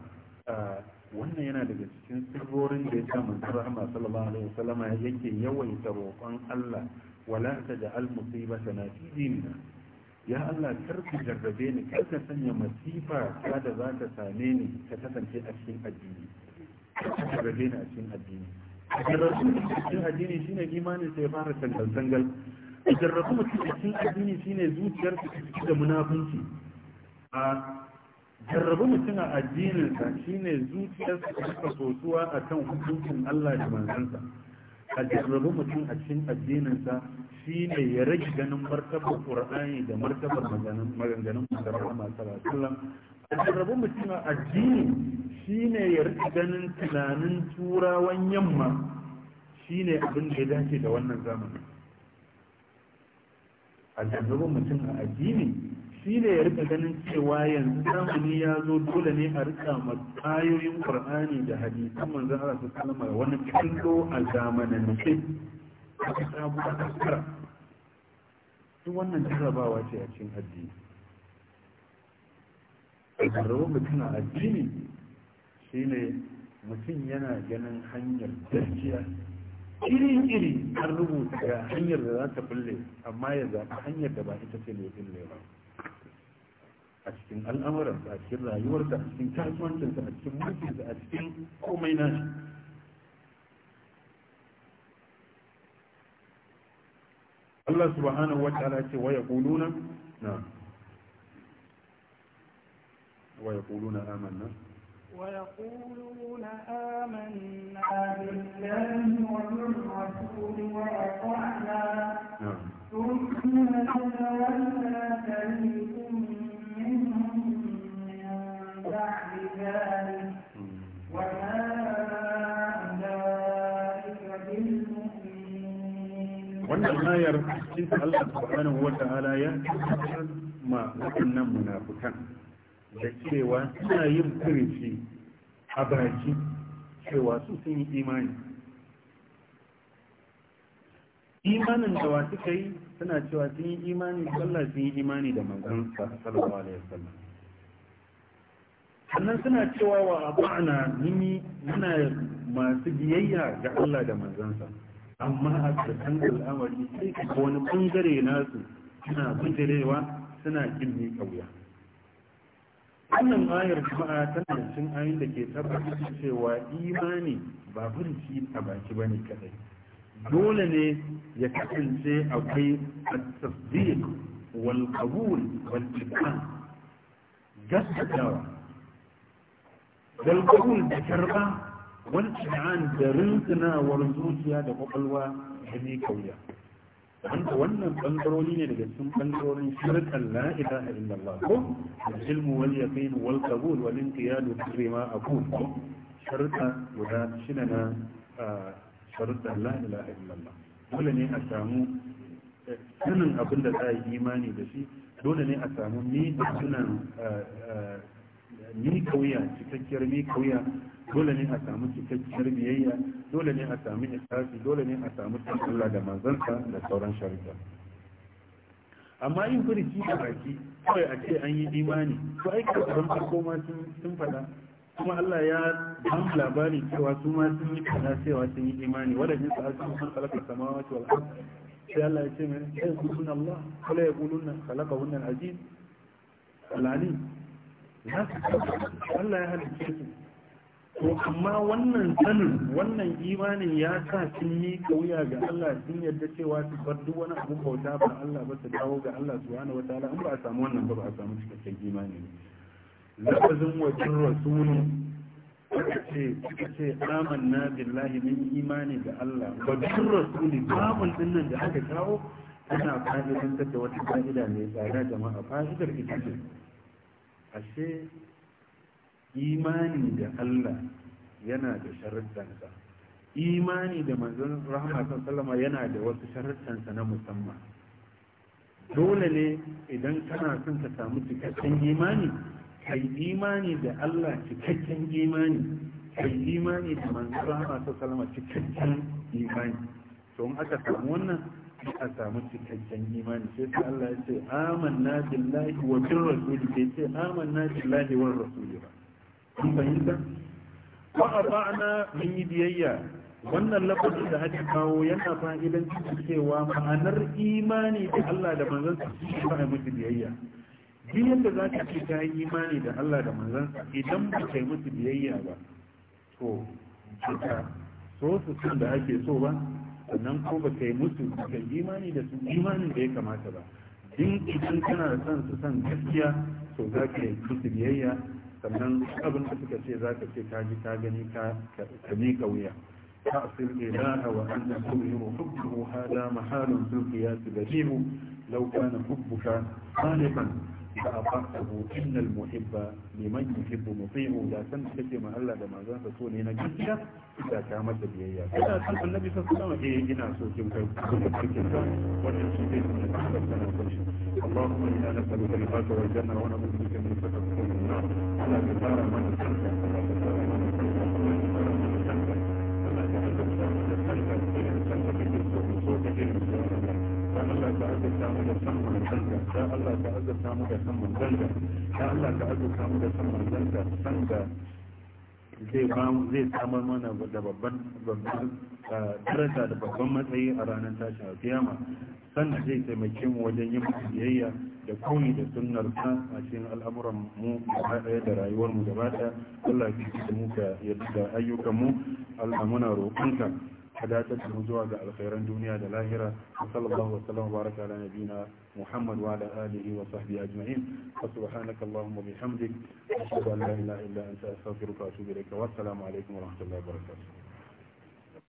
wannan yana daga cikin sirrorin da ya sa manzon rahama sallallahu alaihi wasallama yake yawaita roƙon Allah wala ta na fi dinina ya Allah karka jarrabe ni karka sanya masifa ta da za ta same ni ta kasance a cikin addini karka jarrabe ni a cikin addini jarrabe ni a cikin addini shine imanin sai fara tangal-tangal jarrabe mutum a cikin addini shine zuciyar ta ciki da munafunci a jarrabu mutum a addininsa shine zuciyar ta cika sosuwa akan hukuncin Allah da manzansa a mutum a cikin addininsa shi ne ya rage ganin martabar ƙur'ani da martabar maganganun masarautar masu rasulun a mutum a addini shi ne ya rage ganin tunanin turawan yamma shi ne abin da ya dace da wannan zamanin a jarrabu mutum a addini shi ne ya rika ganin cewa yanzu zamani ya zo dole ne a rika ma ayoyin qur'ani da hadisan manzo Allah su alaihi wani kallo a zamanin ce a sabu a kaskara wannan jarrabawa ce a cikin addini a mutum a addini shi ne mutum yana ganin hanyar gaskiya iri-iri an rubuta hanyar da za ta bulle amma ya zaɓi hanyar da ba ita ce mai bulle ba a cikin al'amuransa a cikin rayuwarsa a cikin kasuwancinsa a cikin mulkinsa a cikin komai nashi Allah subhanahu wa ta'ala ce wa yaquluna na wa yaquluna amanna ويقولون آمنا بالله وبالرسول وأطعنا ثم تتولى فريق wannan ayar cikin Allah subhanahu wa ta'ala ya ma waɗannan munafukan da cewa suna yin firici a baki cewa su sun yi imani imanin da wa suka yi suna cewa sun yi imani da Allah sun yi imani da manzon sallallahu alaihi wasallam sannan suna cewa wa abana nimi muna masu biyayya ga Allah da manzansa amma a cikin al'amari sai ka wani bangare nasu suna bijirewa suna jin ni kauya wannan ayar jama'a tana cin ayin da ke tabbatar cewa imani ba furci a baki bane kadai dole ne ya kasance akwai at-tasdiq wal qabul wal iman gaskatawa wal qabul da karba wal iman da rintunawar zuciya da kwakwalwa da ne kauya wanda wannan bangarori ne daga cikin bangarorin shirkan la ilaha illallah ko ilmu wal yaqin wal qabul wal inqiyad fi ma aqul shirka guda shine na ah, sharuɗan la ilaha illallah dole ne a samu sanin abin da za a yi imani da shi dole ne a samu ni sunan ni eh, eh, kauya cikakkiyar ni kauya dole ne a samu cikakkiyar biyayya dole ne a samu isafi dole ne a samu tsalla da manzansa da sauran sharuɗa amma yin furuci da baki kawai a ce an yi imani to ai karɓar farko ma sun faɗa kuma Allah ya dan labari cewa su ma sun yi kana cewa sun yi imani sa su san kala khalaqa samawati wal ard sai Allah ya ce mai sai kunna Allah kala yaquluna khalaqahunna al aziz alani Allah ya halice su to amma wannan sanin wannan imanin ya sa sun yi kauya ga Allah sun yadda cewa su bar duk wani abun bauta ba Allah ba su dawo ga Allah subhanahu wataala in ba a samu wannan ba ba a samu cikakken imani ne lafazin wajen rasulu suka ce suka na billahi min imani da Allah wajen rasuli babun dinnan da aka kawo ana fahimtar da wata fa'ida mai tsada jama'a fa'idar ita ce ashe imani da Allah yana da sharuɗansa imani da manzon rahama sallama yana da wasu sharuɗansa na musamman dole ne idan kana son ka samu cikakken imani kai imani da Allah cikakken imani kai imani da manzon Allah ta salama cikakken imani to in aka samu wannan a samu cikakken imani sai ta Allah ya ce amanna billahi wa bir rasuli sai ce amanna billahi wa rasuli ba kun fahimta wa ata'na min yi biyayya wannan lafazin da aka kawo yana fa'idan cewa ma'anar imani da Allah da manzon sa shi ba musu biyayya duk yadda za ka ce ta yi imani da Allah da manzansa idan ba yi musu biyayya ba to cuta so su sun da ake so ba sannan ko ba yi musu ka imani da su imanin da ya kamata ba din idan kana da son su san gaskiya to za ka yi musu biyayya sannan abin da suka ce za ka ce ka ji ka gani ka miƙa wuya تعصي إله وأن تظهر حبه هذا محال في القياس بديه لو كان حبك خالقا da abaqtahu innal muhibba liman yuhibbu muti'u da san take ma Allah da manzon sa so ne na gaskiya da ta mata biyayya kada san annabi sallallahu alaihi wasallam eh ina so kin kai kin san wannan shi ne sana kunshi Allahumma inna nas'aluka al-fatwa wal janna wa na'udhu bika min fitnatil nar Allah ya fara mana azurta mu da san Allah ka da san Allah ka da san san zai zai samar mana da babban babban daraja da babban matsayi a ranar tashi a kiyama san zai taimake mu wajen yin biyayya da koyi da sunnar a cikin al'amuran mu gaba daya da rayuwar mu gaba daya Allah ya ci mu ga yadda ayyukan mu Allah muna roƙonka ka dace da mu zuwa ga alkhairan duniya da lahira sallallahu alaihi wasallam baraka ala nabina muhammad wa ala alihi wa sahbihi ajma'in subhanaka allahumma bihamdik ashhadu an la ilaha illa anta astaghfiruka wa atubu ilaik wa wa rahmatullahi wa